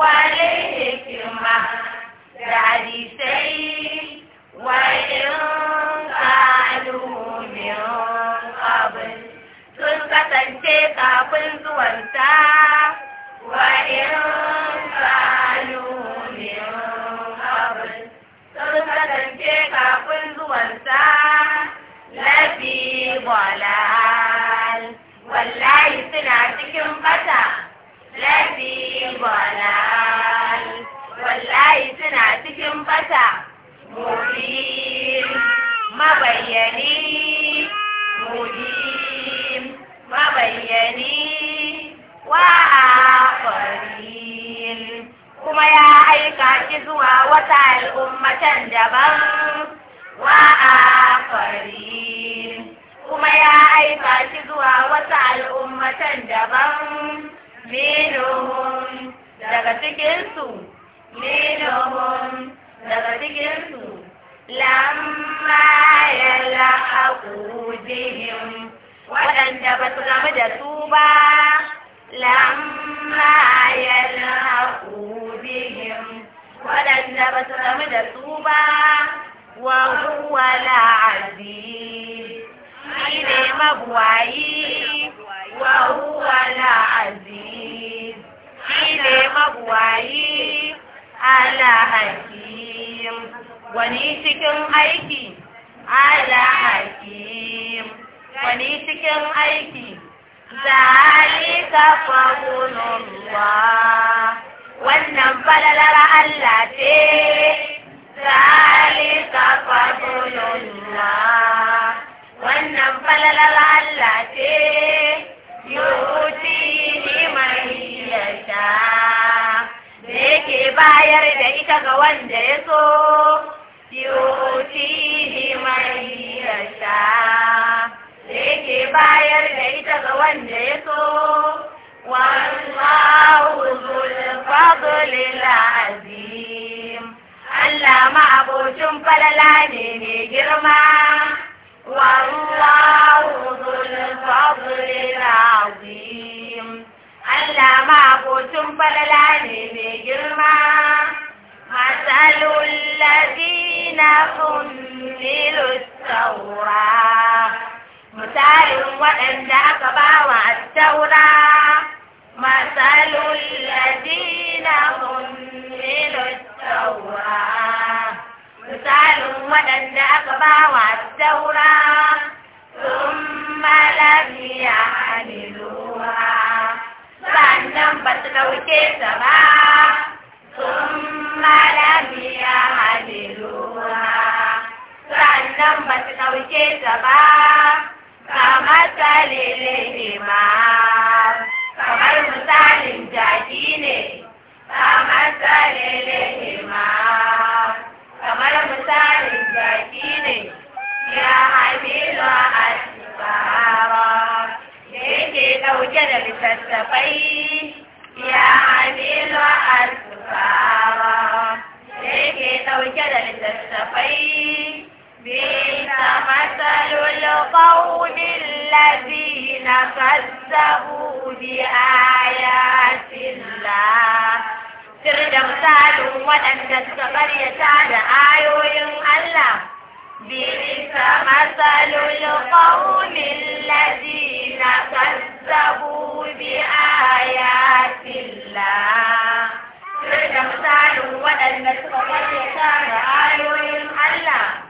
wane ne firma da hadisai wajen ƙalu min abin sun kasance kafin zuwanta wajen ƙalu min abin sun kasance kafin zuwanta lafi bola mabayyani mujib mabayyani wa aqarin kuma ya aika ki zuwa wata al'ummatan daban wa aqarin kuma ya aika ki zuwa wata al'ummatan daban minhum daga cikinsu minhum daga cikinsu lamma ya la'aku bihim waɗanda ba su game da su ba lamma ya la'aku bihim waɗanda ba su game da su ba wa huwa la'aziz shi ne mabuwayi wa huwa la'aziz gwani cikin aiki ala hakim gwani cikin aiki zalika ruwa wannan falalar Allah ce zalika ruwa wannan falalar Allah ce yuti ni mai yasha da yake bayar da ita ga wanda ya so yu'tihi man yasha yake bayar da ita ga wanda ya so wallahu dhul fadli azim Allah ma abocin falala ne ne girma wallahu dhul fadli azim Allah ma abocin falala ne ne girma masalul تنزيل التوراة مثال وأن أكبر التوراة مثال الذين تنزيل التوراة مثال وأن أكبر التوراة ثم لم يعملوها فأنهم بس لو كتبا ثم لم يعملوها nan ba su ɗauke ta ba kamar salile ma kamar misalin jaki ne kamar salile ma kamar misalin jaki ne ya hamilu asibara da yake ɗauke da littattafai ya hamilu asibara da yake ɗauke da littattafai بئس مثل القوم الذين كذبوا بآيات الله سر da misalin waɗanda suka karyata da ayoyin Allah بئس مثل القوم الذين كذبوا بآيات الله سر da misalin waɗanda suka karyata da ayoyin Allah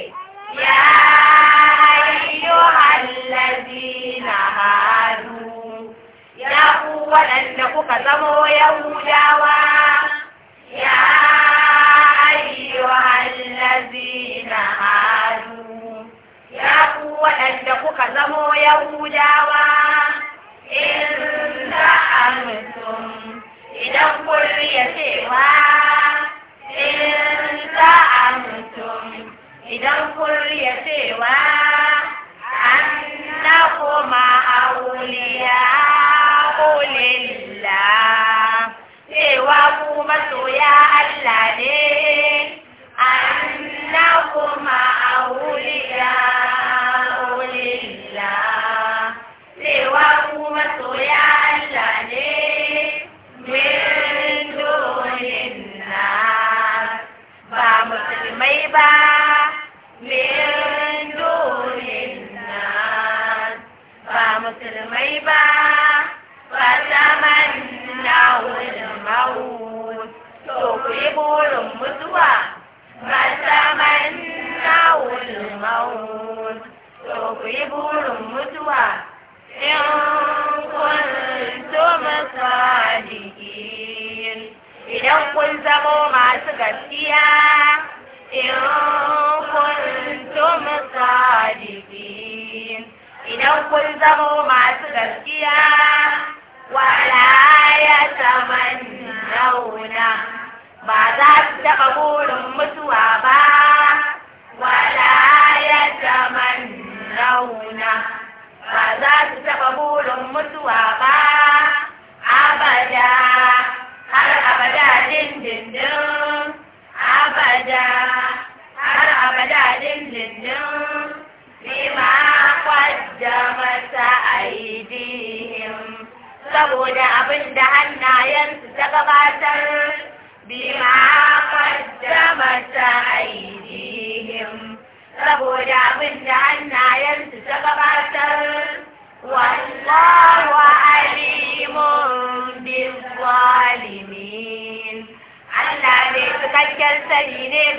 waɗanda kuka zamo yahudawa yi burin mutuwa in kuntum sadiqin idan kun zamo masu gaskiya in kuntum sadiqin idan kun zamo masu gaskiya wala ya tamannauna ba za su taɓa burin mutuwa ba wala ya àwọn náà.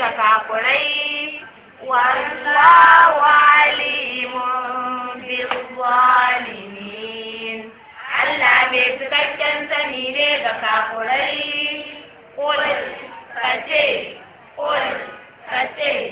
da kafirai wallahu alimun bil zalimin Allah mai cikakken sani ne ga kafirai qul kace qul kace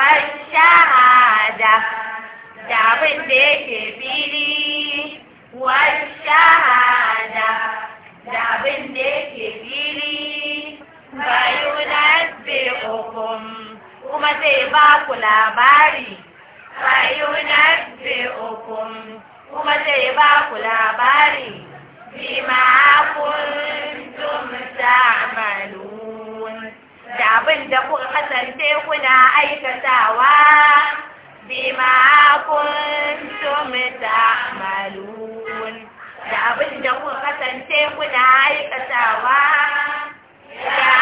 والشهادة دعوة ديك بيلي والشهادة دعوة ديك بيلي فينبئكم وما سيباكوا لاباري فينبئكم وما سيباكوا لاباري بما كنتم abin da kun kasance kuna aikatawa bima kuntum ta'malun da abin da kun kasance kuna aikatawa ya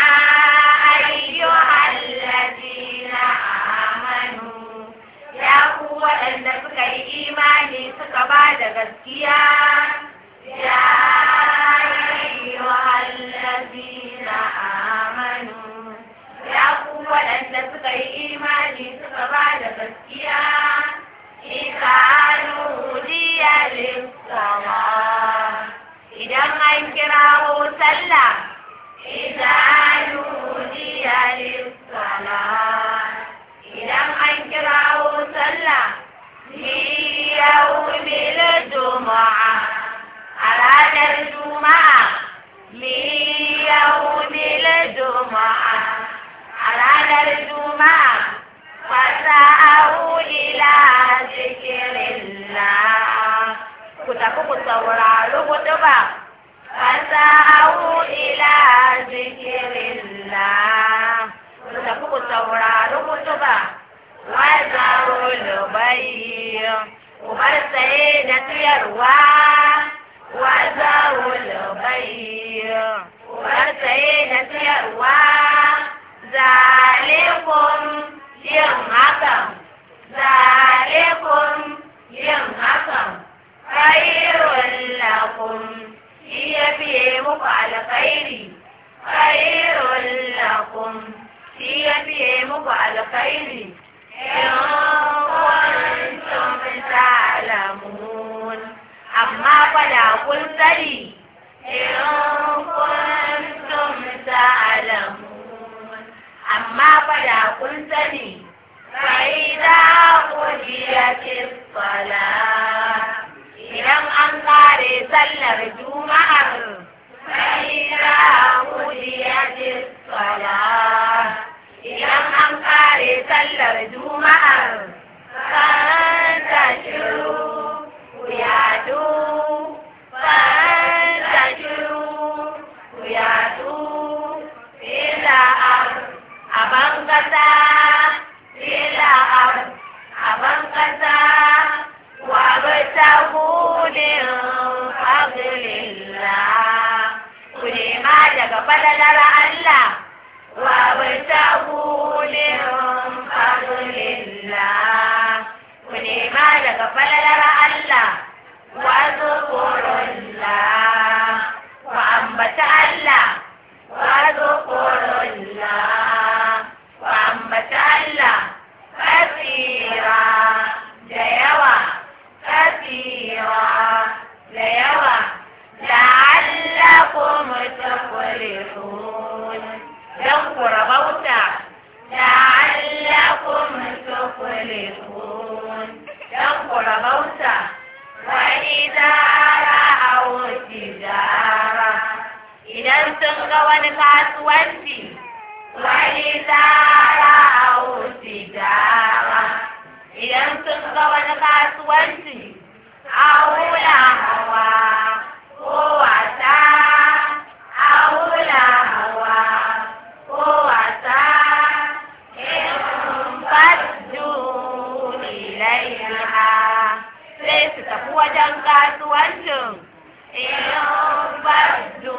ayyuhal ladina amanu ya ku waɗanda suka yi imani suka ba da gaskiya Idan an kirawo sallah. Idan saurari hudu ba fasa'u ila zikirillah ku tafi ku saurari hudu ba wazarul bayi ku bar saye da tuyarwa wazarul bayi ku bar saye da tuyarwa zalikum yin hakan zalikum yin hakan خير لكم هي في مفعل خير خير لكم هي في مفعل خير إن كنتم تعلمون أما فلا قل سري إن كنتم تعلمون أما فلا قل سري فإذا قضيت الصلاة sallar juma'ar fa'ida wujiyat as-salah idan an kare sallar juma'ar fa'anta shiru ká twenty. Wani dara wuti dara. Idan sun ga wani kasuwanci, a wula hawa ko wasa, a wula hawa ko wasa, in faddu ilaiha. Sai su tafi wajen kasuwancin, in faddu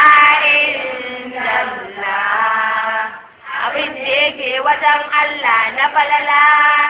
wajen Allah na falala